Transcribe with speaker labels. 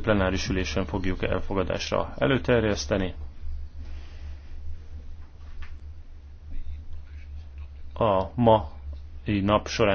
Speaker 1: plenáris ülésen fogjuk elfogadásra előterjeszteni. A ma nap során